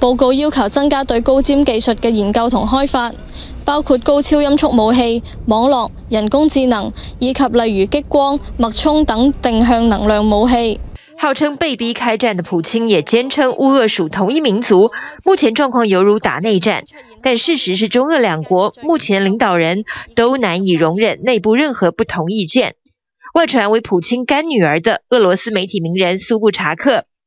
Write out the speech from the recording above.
報告要求增加對高尖技術嘅研究同開發，包括高超音速武器、網絡、人工智能，以及例如激光、脈衝等定向能量武器。號稱被逼開戰的普京也堅稱烏俄屬同一民族，目前狀況猶如打內戰。但事實是中俄兩國目前領導人都難以容忍內部任何不同意見。外傳為普京乾女兒的俄羅斯媒體名人蘇布查克。